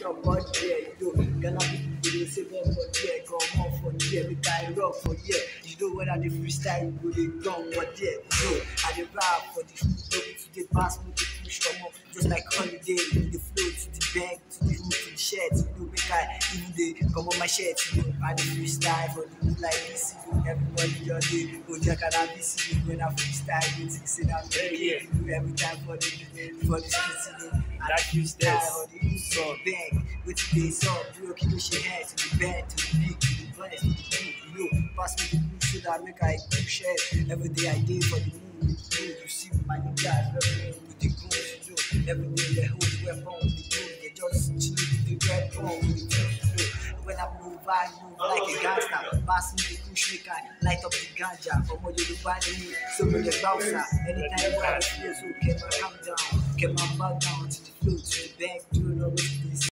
your body, you gonna be you say more for yeah, go more for yeah, we die rock for yeah. You know what I the freestyle you really gone for yeah. No, I the vibe for the flow to the bass, move the push from up, just like holiday, the flow to the bank, to the roof, to the shed, to the make I even the come on my shed, you know, I the freestyle for the like this, you know, everybody your day, go oh, jack and I be see you when I freestyle, you think say that I'm very you every time for the for the streets, you know like you this. So big with this song, you can use your hands to the bed, to the peak, to the place, to the peak, you pass me the blue so that I make I keep share. Every day I did for the moon with you, you see my new guys, with the clothes you do, Every day they hold the weapon with the grooves, they just chill with the red bone with the When I move, I move like a gangster, pass me the push maker, light up the ganja, from what you find me, so me the bouncer. Anytime you have a place, so keep my calm down, keep my back down back to.